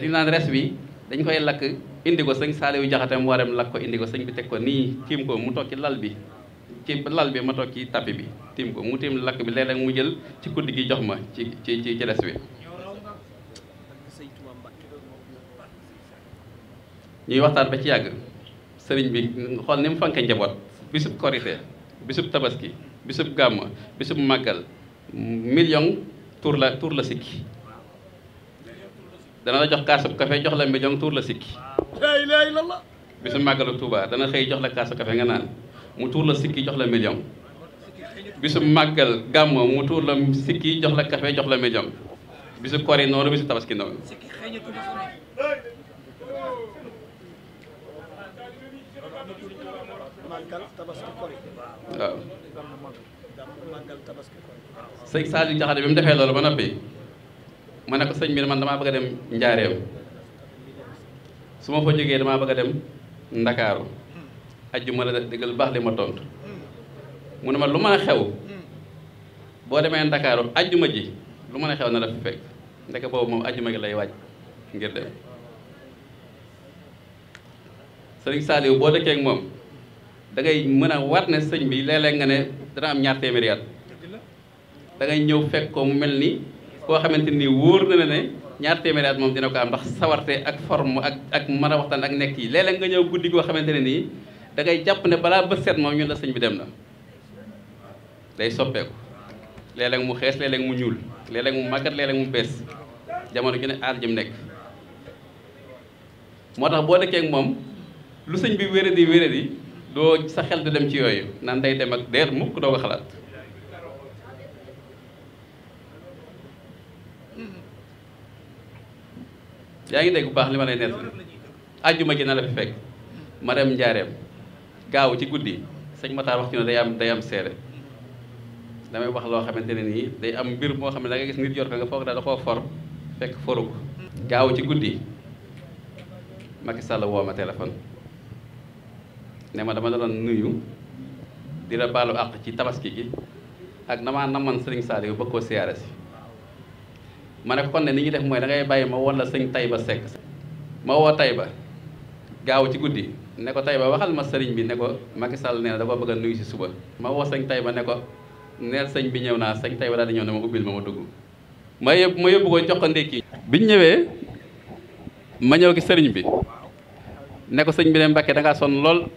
Speaker 1: li naan res bi dañ koy lakk indi ko sëñ Saaliwu Jaxate mu wareem làkk ko indi ko sëñ bi teg ko nii tiim ko mu toog ci lal bi ci lal bi ma toog ci tapis bi tiim ko mu tiim lakk bi léeg mu jël ci kuddi gi jox ma ci ci ci les bi ñuy waxtaan ba ci yàgg sëriñ bi xool ni mu fanke njaboot bisub korité bisub tabaski bisub gàmm bisub màggal million tur la tur la sikki dana la jox kaasu kafe jox la mbéjong tuur la sikki bisu màggalu Touba dana xëy jox la kaasu kafe nga naan mu tuur la sikki jox la mbéjong bisu mu tuur la kafe jox la mbéjong bisu kori noonu bisu tabaski noonu waaw sëñ Saliou Diakhaté bi mu defee loolu ba noppi ma ne ko sëñ bi man damaa bëgg a dem njaareem su ma fa jógee damaa bëgg a dem ndakaaru ajjuma la dëggal baax li ma tontu mu ne ma lu mën a xew boo demee ndakaaru àjjuma ji lu man a xew na la fi fekk ndeke boobu moom gi lay waaj ngir dem sëriñ Saliou boo dëkkee moom dangay mën a war ne sëñ bi léeg-léeg nga ne dana am ñaar téeméeri at ñëw fekk ko mu mel ni koo xamante nii wóor na ne ñaar téeméeri at moom dina ko am ndax sawarte ak form ak ak mën a waxtaan ak nekk yi léeg nga ñëw guddi goo xamante ne nii da ngay jàpp ne balaa bët set moom ñun la sëñ bi dem na day soppeeku léeg mu xees léeg-léeg mu ñuul léeg mu màggat léeg-léeg mu bees jamono gi ne aar jëm nekk moo tax boo dëkkee moom lu sëñ bi wéradi wéradi doo sa xel du dem ci yooyu nan day dem ak deer mukk doo ko xalaat yaa ngi dégg bu baax li ma lay nett àjjuma ji na la fi fekk ma dem njaareem gaaw ci guddi sëñ mataa wax ci ne day am day am seere damay wax loo xamante ne nii day am mbir moo xam ne da nga gis nit yor ko nga foog daal da koo for fekk foru ko gaaw ci guddi Macky Sall woo ma téléphone ne ma dama la doon nuyu di la baalu àq ci tabaski gi ak na damaa naman Serigne Saliou ba koo siyaare si ma ne ko kon ne ni ñuy def mooy da ngay bàyyi ma woon la sëñ Tayba Seck ma woo Tayba gaaw ci guddi ne ko Tayba waxal ma sëriñ bi ne ko Macky Sall nee na dafa bëgg a nuyu si ma woo sëñ Tayba ne ko neel sëñ bi ñëw naa sëñ Tayba daal di ne ma ubbil ma ma dugg ma ma yóbbu ko jox ko ndékki biñ ñëwee ma ñëw ki sëriñ bi ne ko bi ne Mbacke da ngaa sonn lool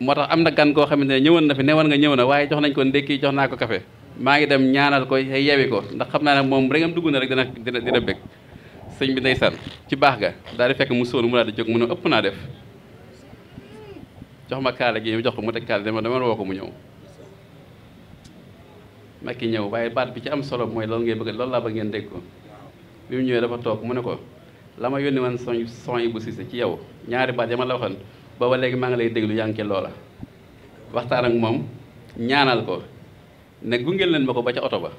Speaker 1: moo tax am na gan koo xamante ne ñëwoon na fi ne newoon nga ñëw na waaye jox nañ ko ndékki jox naa ko kafe maa ngi dem ñaanal ko yewi ko ndax xam naa ne moom rek am dugg na rek dina dina dina bëgg sëñ bi ndeysaan ci baax ga daal di fekk mu sóonu mu daal di jóg mu ne ëpp naa def jox ma kaala gi jox ko mu teg kaala dama dama woo ko mu ñëw ñëw waaye baat bi ci am solo mooy loolu ngay bëgg loolu laa bëgg ngeen dégg ko bi ñëwee dafa toog mu ne ko la ma yónni woon son son yi bu Cissé ci yow ñaari baat ya ma la waxoon booba léegi maa ngi lay déglu yaa ngi loola waxtaan ak moom ñaanal ko ne gungeel leen ma ko ba ca oto ba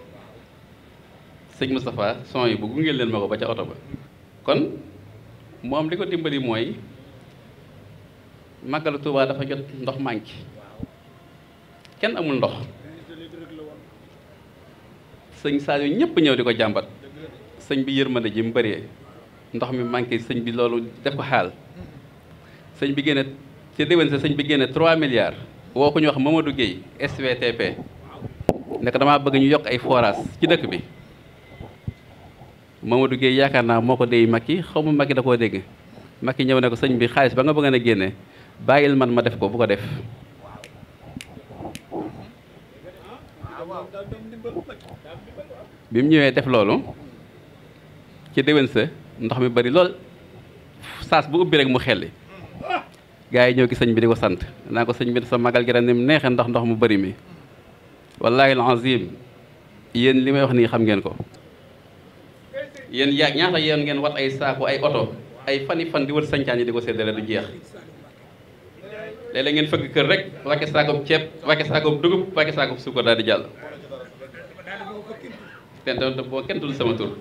Speaker 1: sëñ Moustapha son yi bu gungeel leen ma ko ba ca oto ba kon moom li ko dimbali mooy màggalu Tuubaa dafa jot ndox manqué kenn amul ndox sëñ yi ñëpp ñëw di ko jàmbat sëñ bi yërmande ji mu bëree ndox mi manqué sëñ bi loolu def ko xaal sëñ bi génne te déwén sa sëñ bi génne 3 milliards woo ko ñu wax Mamadou Guèye SVTP ne ko damaa bëgg ñu yokk ay forage ci dëkk bi Mamadou duggee yaakaar naa moo ko mag Macky xaw mu mag Macky da koo dégg ki ñëw ne ko sëñ bi xaalis ba nga bëgg a génne bàyyil man ma def ko bu ko def bi mu ñëwee def loolu ci déwén sa ndox mi bari lool saas bu ubbi rek mu xelli gars yi ñëw ki sëñ bi di ko sant naa ko sëñ bi sa magal gi ren ni mu neexee ndox ndox mu bari mi wallahi alazim yéen li may wax nii xam ngeen ko yéen yaa ñaata yéen ngeen wat ay saaku ay oto ay fani fan di wër sancaan yi di ko séddale du jeex léeg-léeg ngeen fëgg kër rek wàcce saakoob ceeb wàcce saakoob dugub wàcce saakoob suukar daal di jàll ten te boo kenn dul sama tur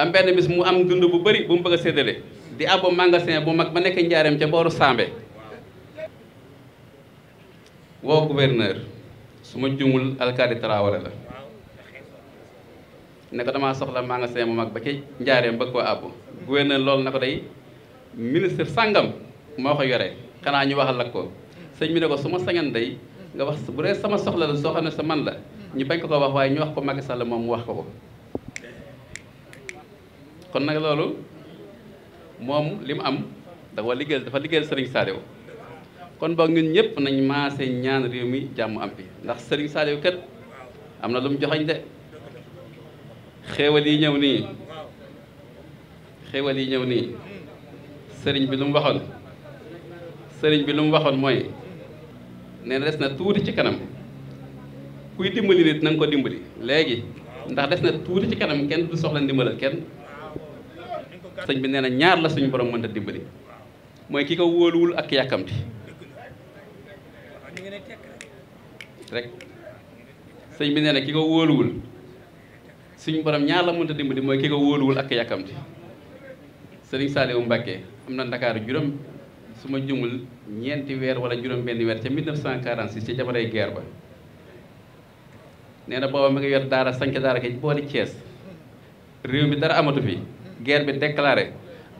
Speaker 1: am benn bis mu am dund bu bari bu mu bëgg a séddale di abo magasin bu mag ba nekk njaareem ca booru Sambe woo gouverneur su ma jumul alkaali Traoré la ne ko damaa soxla magasin bu mag ba ci njaareem bëgg koo àbbu gouverneur loolu na ko day ministre sàngam moo ko yore xanaa ñu waxal ak ko sëñ bi ne ko su ma sañan day nga wax bu dee sama soxla la soo xam ne sa man la ñu bañ ko wax waaye ñu wax ko Macky Sall moom mu wax ko ko kon nag loolu moom li mu am dafa liggéeyal dafa liggéeyal Serigne Saliou kon boog ñun ñëpp nañ maase ñaan réew mi jàmm am bi ndax Serigne Saliou kat am na lu mu joxañ de xéewal yi ñëw nii xéewal yi ñëw nii sëriñ bi lu waxoon sëriñ bi lu mu waxoon mooy nee des na tuuti ci kanam kuy dimbali nit na ko dimbali léegi ndax des na tuuti ci kanam kenn du soxla ndimbalal kenn sëñ bi nee na ñaar la suñu borom mënta dimbali mooy ki ko wóoluwul ak yàkkamti rek sëñ bi nee na ki ko wóoluwul suñu borom ñaar la mënta dimbali mooy ki ko wóoluwul ak yàkkamti sëriñ Saliou Mbacke am na Ndakaaru juróom su ma jumul ñeenti weer wala juróom benn weer ca 1946 ci jamonoy guerre ba nee na booba mi ngi yor daara sanc daara ke boori Thiès réew mi dara amatu fi guerre bi déclaré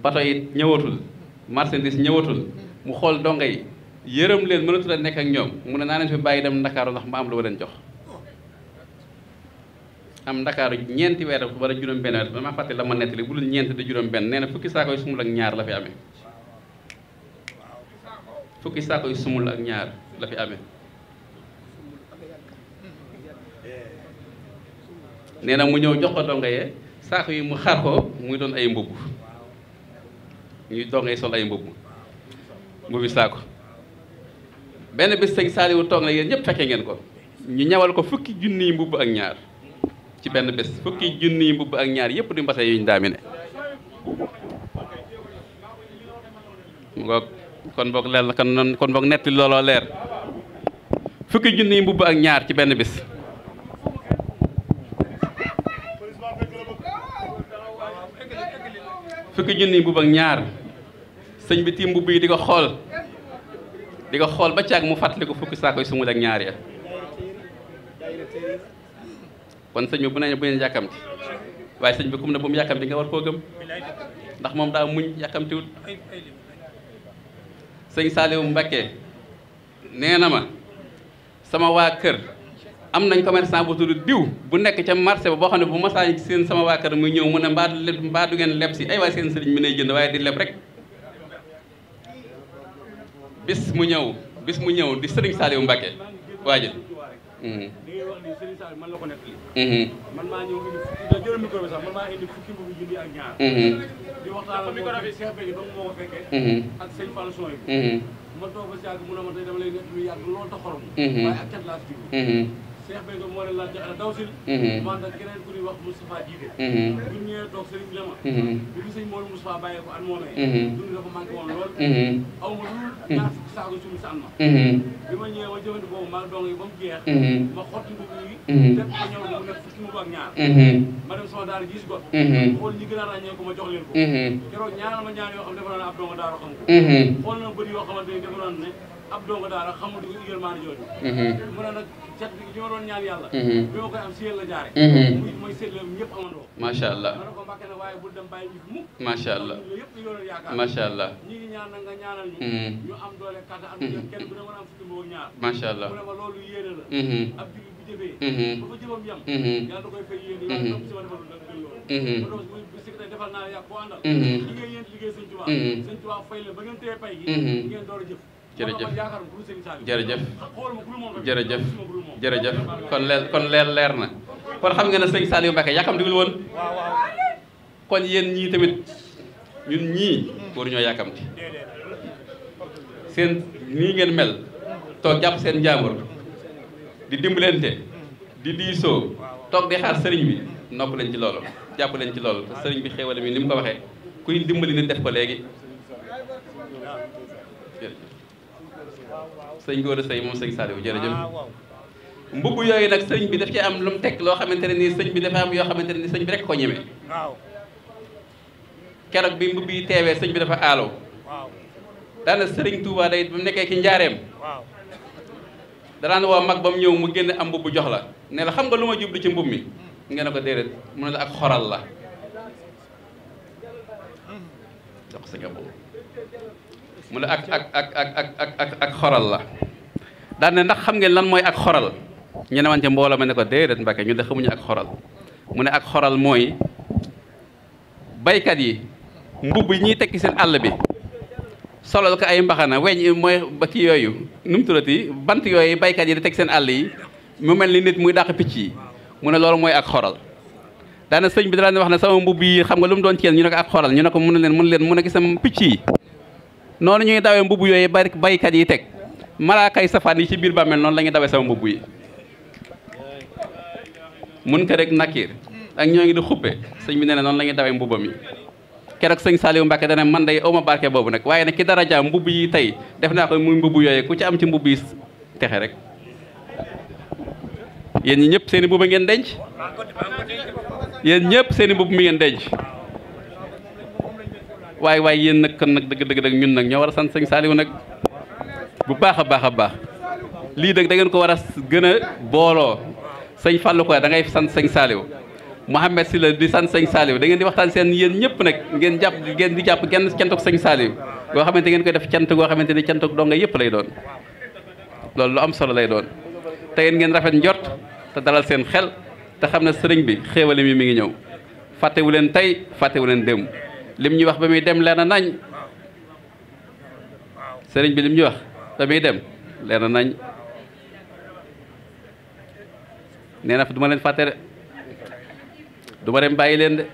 Speaker 1: bato yi ñëwatul marchandise ñëwatul mu xool donga yi yërëm leen mënatul a nekk ak ñoom mu ne naa leen fi bàyyi dem ndakaaru ndax ma am lu ma leen jox am ndakaaru ñeenti weer wala juróom benn weer dama fàtte la ma nettali bu dul ñeenti de juróom benn nee na fukki saako yu sumul ak ñaar la fi amee fukki saako yu sumul ak ñaar la fi amee nee mu ñëw jox ko donga yee saako yi mu xar ko muy doon ay mbubb ñuy dongay sol ay mbubb mbubbi saako benn bis sëñ Saaliwu toog na yéen ñëpp fekkee ngeen ko ñu ñawal ko fukki junni yi mbubb ak ñaar ci benn bés fukki junni yi mbubb ak ñaar yëpp di mbase yuñ daamine ngoog kon boog leer na kon noonu leer fukki junni ak ñaar ci benn bis fukki junni yi mbubb ak ñaar sëñ bi ti mbubb yi di ko xool di ko xool ba caag mu fàttali ko fukki saako yi sumul ak ñaar ya kon sëñ bi bu ne bu neen waaye sëñ bi kum ne bu mu yàkkamti nga war koo gëm ndax moom daa muñ yàkkamtiwut sëñ Saliou Mbacké nee na ma sama waa kër am nañ commerçant bu bu nekk ca marché ba boo xam ne bu ma saañ seen sama waa kër muy ñëw mu ne mbaa mbaa du ngeen leb si ay waaye seen sëriñ mi nay jënd waaye di leb rek bis mu ñëw bis mu ñëw di Serigne Saliou Mbacke waajal. man mhm.
Speaker 2: la mhm. ko nekk lii.
Speaker 1: man maa ñëw indi fukki jërëm micro bi sax man maa indi fukki mbokku junni ak ñaar. Mhm. di waxtaan ak micro bi Cheikh Béthio ba mu moo ko fekkee. ak sëñ Fallou Sow yi. ma toog ba si yàgg mu ne ma tey dama lay nekk lu yàgg loolu ta xorom. waaye ak cat laa si Cheikh Béthio moo leen laaj ana dawsil man mhm. da keneen ku ñuy wax Moustapha jiite bu ñu ñëwee toog sëriñ mhm. bi dama bi ñu sëñ Mor Moustapha
Speaker 2: bàyyee ko an moomee dund
Speaker 1: mhm. dafa manqué woon lool aw ma lu ñaar fukki saako suñu sa an ma bi ma ñëwee ma jëfandikoo boobu maa dong yi ba mu jeex ma xotti mbubb yi teg ko ñëw mu nekk fukki mbubb ak ñaar ma dem sama daara gis ko xool ñi gën a ràññee ko ma jox leen ko keroog ñaanal ma ñaan yoo xam defa naa ab donga daaro xam ko xool na bëri yoo xamante ne defa naa ne ab doomu daara xamul yërmaande jooju mhm. mu ne nag cat bi
Speaker 2: li ma doon ñaan yàlla mhm. bi ma
Speaker 1: koy am si yéen la jaare mhm. muy mooy seetlu ñëpp amandoo macha allah ma ne ko mbàkke na waaye bul dem bàyyi ñu fi mukk macha allah yooyu yëpp ñu doon yaakaar macha allah ñi ngi ñaan na nga ñaanal ñu ñu am doole kàttan am kenn bu ne mën a am fukki mboo ñaar macha allah mu ne ma loolu yéene la ab jullit bu jëfee bu fa jëfam yam yàlla da koy fay yéene yàlla si ma defal loolu defal naa yàq boo àndal liggéey yéen liggéey sëñ Tuubaa sëñ Tuubaa fay la ba
Speaker 2: ngeen téye pay gi ngeen door a jëf jërëjëf
Speaker 1: jërëjëf jërëjëf jërëjëf kon leer kon leer leer na kon xam nga ne sëñ Saliou Mbacké yàkkamtiwul woon kon yéen ñii tamit ñun ñii war ñoo yàkkamti seen nii ngeen mel toog jàpp seen njaambur di dimbalente di diisoo toog di xaar sëriñ bi nopp leen ci loolu jàpp leen ci loolu te sëriñ bi xéewale mi ni mu ko waxee kuy dimbali nit def ko léegi
Speaker 2: sëñ Gora Seye moom sëñ Saliou jërëjëf ah,
Speaker 1: mbubb yooyu nag sëñ bi daf ci am lu mu teg loo xamante ne nii sëñ bi dafa am yoo xamante ne nii sëñ bi rek ko ñeme keroog bi mbubb yi teewee sëñ bi dafa aalo daana sëriñ Touba day bu mu nekkee ci njaareem danaan woo mag ba mu ñëw mu génn am mbubb jox la ne la xam nga lu ma jublu ci mbub mi ngeen ne ko déedéet mu ne la ak xoral la hmm. jox sëñ mu ne ak ak ak ak ak ak ak xoral la daan ne ndax xam ngeen lan mooy ak xoral ñu ne wante mbooloo ma ne ko déedéet Mbàkke ñu de xamuñu ak xoral mu ne ak xoral mooy baykat yi mbubb yi ñuy tekki seen àll bi solal ko ay mbaxana weñ mooy ba kii yooyu nu mu tuddati bant yooyu baykat yi di teg seen àll yi mu mel ni nit muy dàq picc yi mu ne loolu mooy ak xoral daana sëñ bi daan wax ne sama mbubb yi xam nga lu mu doon ci yéen ñu ne ko ak xoral ñu ne ko mun leen mun leen mun a gis sama picc yi noonu ñuy dawee mbubb yooyu bari baykat yi teg malaakay safaan yi ci biir bàmmeel noonu la ñuy dawee sama mbubb yi mun ko rek nakir ak ñoo ngi di xuppe sëñ bi nee na noonu la ñuy dawee mbubbam yi keroog sëñ Saliou Mbacke dana man day awma barke boobu nag waaye nag ki dara jaam mbubb yi tey def naa ko muy mbubb yooyu ku ci am ci mbubb yi texe rek yéen ñi ñëpp seen i ngeen denc yéen ñëpp seen i mbubb mi ngeen denc waaye waaye yéen nag kon nag dëgg dëgg dëgg ñun nag ñoo war a sant sëñ Saliou nag bu baax a baax a baax lii dëgg da ngeen ko war a gën a booloo sëñ Fallou ko da ngay sant sëñ Saliou Mouhamed si la di sant sëñ Saliou da ngeen di waxtaan seen yéen ñëpp nag ngeen jàpp ngeen di jàpp genn cantuk sëñ Saliou goo xamante ngeen koy def cant goo xamante ni cantuk donga yëpp lay doon loolu lu am solo lay doon te yéen ngeen rafet njot te dalal seen xel te xam ne sëriñ bi xéewale mi mi ngi ñëw fàttewu leen tey fàttewu leen démb lim ñu wax ba muy dem leena nañ sëriñ bi lim ñu wax ba muy dem leena nañ nee na du leen fàtte de du ma dem bàyyi leen de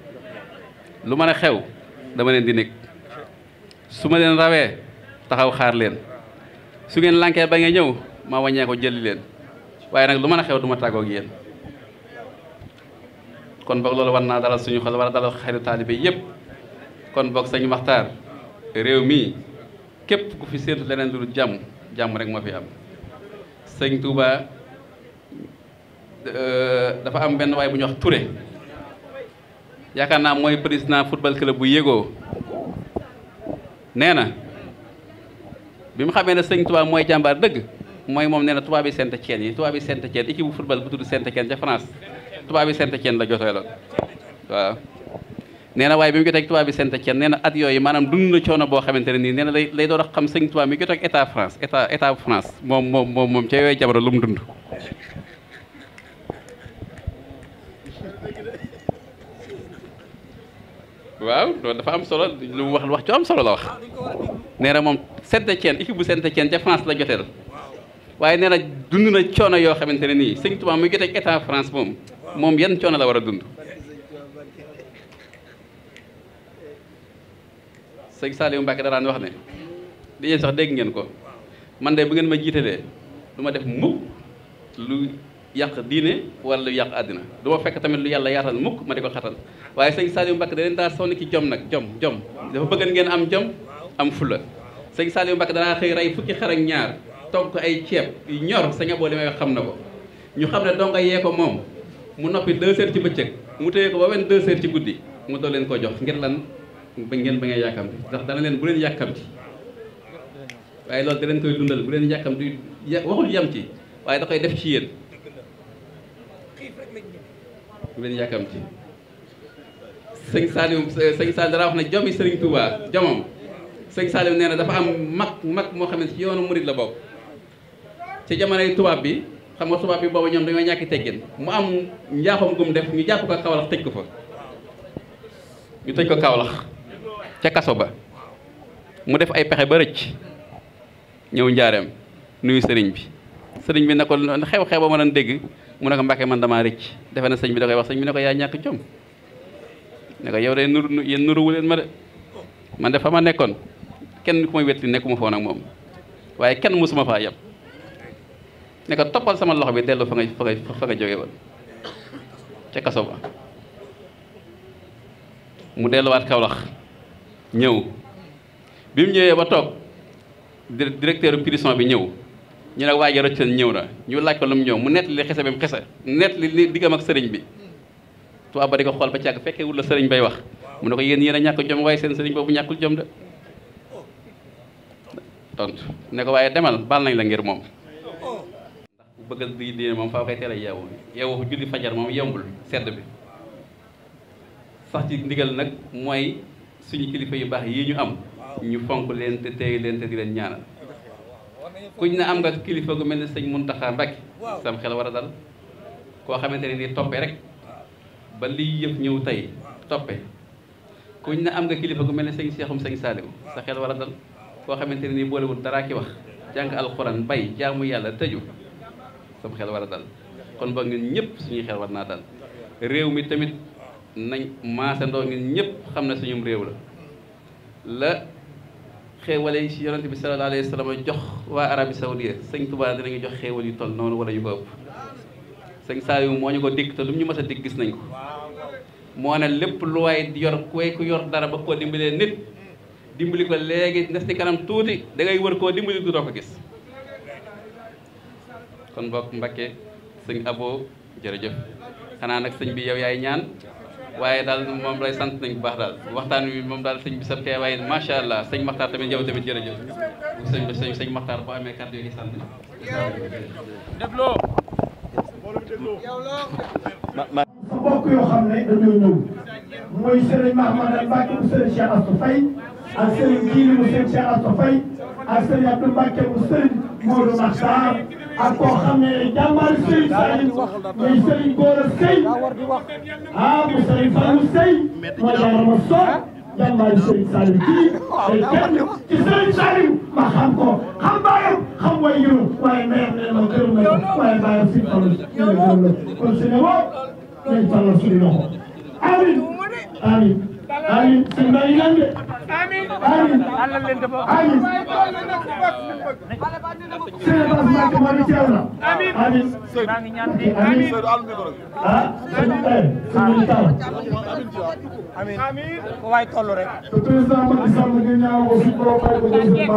Speaker 1: lu mën a xew dama leen di nekk su ma leen rawee taxaw xaar leen su ngeen lànkee ba ngeen ñëw ma wàññee ko jëli leen waaye nag lu mën a xew duma ma tàggoog kon boog loolu war naa dalal suñu xel war a dalal xelu taalibe yépp kon boog sëñ Maxtaar réew mii képp ku fi séentu leneen lu jàmm jàmm rek moo fi am sëñ Touba euh, dafa am benn waay bu ñu wax Touré yaakaar naa mooy président football club bu yéegoo nee na bi mu xamee ne sëñ Touba mooy jàmbaar dëgg mooy moom nee na tubaab yi Saint-Étienne yi tubaab yi Saint-Étienne équipe bu football bu tudd Saint-Étienne ca France tubaab yi Saint-Étienne la jotee lool waaw nee na waaye bi jotee ak tubaab bi Saint-Étienne nee na at yooyu maanaam dund coono boo xamante ne nii nee na a xam sëñ tubaab mi jotee moom moom moom moom ca yooyu jabar lu mu dund waaw loolu dafa am solo lu mu wax wax ju am solo la wax nee na moom Saint-Étienne équipe bu Saint-Étienne ca France la joteel waaye nee na dund na coono yoo xamante ne nii sëñ tubaab mi jotee état France moom moom yan coono la war a dund sëñ Saliou Mbacke daraan wax ne li ngeen sax dégg ngeen ko man de bu ngeen ma jiitalee du ma def mukk lu yàq diine wala lu yàq àddina du ma fekk tamit lu yàlla yaatal mukk ma di ko xatal waaye sëñ Saliou Mbacke da leen daa sonn ci jom nag jom jom dafa bëgg ngeen am jom am fula sëñ Saliou Mbacke danaa xëy rey fukki xar ñaar togg ko ay ceeb yu ñor sa ñaboo li may wax xam na ko ñu xam ne donga yee ko moom mu noppi deux heures ci bëccëg mu téye ko ba wenn deux heures ci guddi mu doo leen jox ngir lan ba ngeen ba ngeen yàkkamti ndax dana leen bu leen yàkkamti waaye loolu da leen koy dundal bu leen yàkkamti waxul yam ci waaye da koy def ci yéen bu leen yàkkamti sëñ Saliou sëñ Saliou dara wax ne jomi Serigne Touba jomam sëñ Saliou nee dafa am mag mag moo xam ne ci yoonu murid la bokk ci jamonoy tubaab bi xam nga tubaab bi boobu ñoom dañoo ñàkki teggin mu am njaaxum gum def ñu jàpp ko kawlax tëj ko fa ñu tëj ko kawlax ca kaso ba mu def ay pexe ba rëcc ñëw njaareem nuyu sëriñ bi sëriñ bi ne xew-xew ba ma doon dégg mu ne ko mbàkke man damaa rëcc defe na sëñ bi da wax sëñ bi ne ko yaa ñàkk jom ne ko yow de nuru yéen nuruwu leen ma de man de fa ma nekkoon kenn ku may wetti nekkuma foo nag moom waaye kenn mësuma faa yem ne ko toppal sama loxo bi dellu fa nga fa nga fa nga jóge woon ca kaso ba mu delluwaat lax ñëw bi mu ñëwee ba toog directeur prison bi ñëw ñu ne waaje rëcc ñëw na ñu laaj ko lu mu ñëw mu nett li xese bi mu xese nett li li diggam ak sëriñ bi tubaab ba di ko xool ba càgg fekkee wul la sëriñ bay wax mu ne ko yéen yéen a ñàkk jom waaye seen sëriñ boobu ñàkkul jom de tontu ne ko waaye demal baal nañ la ngir moom ndax ku bëgg di diine moom faaw koy teel a yeewu yeewu julli fajar moom yombul sedd bi sax ci ndigal nag mooy suñu kilifa yu baax yii ñu am ñu fonk leen te teey leen te di leen ñaanal kuñ na am nga kilifa gu mel ni sëñ Muntaxa rek sam xel war a dal koo xamante ne nii toppe rek ba liy yëpp ñëw tey toppe kuñ na am nga kilifa gu mel ne sëñ Seexum sëñ sa xel war a dal koo ne nii boolewul daraa ki wax jàng alxuraan bay jaamu yàlla tëju sam xel war a dal kon ba ñun ñëpp suñuy xel war naa dal réew mi tamit nañ maasandoo ñun ñëpp xam ne suñum réew la la xéewal yi ci yonente bi sallallahu alayhi wa jox waa Arabie Saoudia sëñ Tuubaa dinañu jox xéewal yu toll noonu wala ñu ko ëpp sëñ Saliou moo ñu ko digg te lu mu ñu mës a gis nañ ko moo ne lépp lu waay yor kuy ku yor dara ba ko dimbalee nit dimbali ko léegi des ci kanam tuuti da ngay wër koo dimbali du doo ko gis kon mbokk Mbakke sëñ Abo jërëjëf xanaa nag sëñ bi yow yaay ñaan waaye daal moom lay sant nañ bu baax daal waxtaan wi moom daal sëñ bi sa teewaay macha allah sëñ Maxtaar tamit yow tamit jërëjëf sëñ sëñ sëñ Maxtaar bu amee kàddu yi sant. mbokk yoo
Speaker 2: xam ne dañoo ñëw mooy sëriñ Mahmadane Mbacke mu sëriñ Cheikh Astou Faye ak sëriñ Kili mu sëriñ Cheikh Astou Faye ak sëriñ Abdou Mbacke mu sëriñ Modou Maxtaar ak koo xam ne jàmbaari Serigne Saliou muy Serigne Gora Seye ah mu Serigne Fallou Seye ma jàmbar ma soog jàmbaari Serigne Saliou kii day kenn ci Serigne Saliou ma xam ko xam baayam xam way yëru waaye mayam ne ma këru ma waaye baayam Serigne Fallou ñu ne gërëm la kon su ne woo nañ Fallou suñu loxo amin amin amiin suñu mbay yi lan de. amiin amiin amiin. Sëñ Bass Mbacké maa ngi teew na. amiin amiin. amiin ah sëñ Mbaye suñu taw. amiin. ku waay toll rek. président Macky Sall nga ñaawoo fi borom bay ko